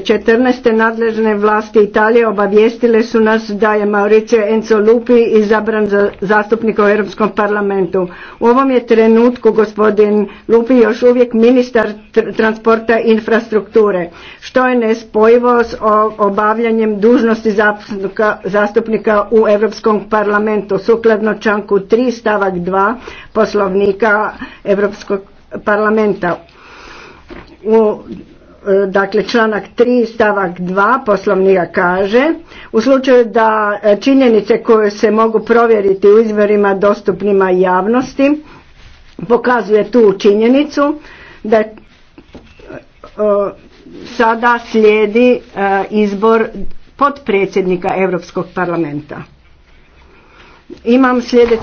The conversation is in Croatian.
14. nadležne vlasti Italije obavijestile su nas da je Mauricio Enzo Lupi izabran za zastupnika u Europskom parlamentu. U ovom je trenutku gospodin Lupi još uvijek ministar transporta i infrastrukture, što je nespojivo s obavljanjem dužnosti zastupnika, zastupnika u Europskom parlamentu sukladno članku 3 stavak 2 poslovnika Europskog parlamenta. U E, dakle članak 3 stavak 2 poslovnika kaže u slučaju da e, činjenice koje se mogu provjeriti u izvorima dostupnima javnosti pokazuje tu činjenicu da e, sada slijedi izbor potpredsjednika Europskog parlamenta. Imam sljedeće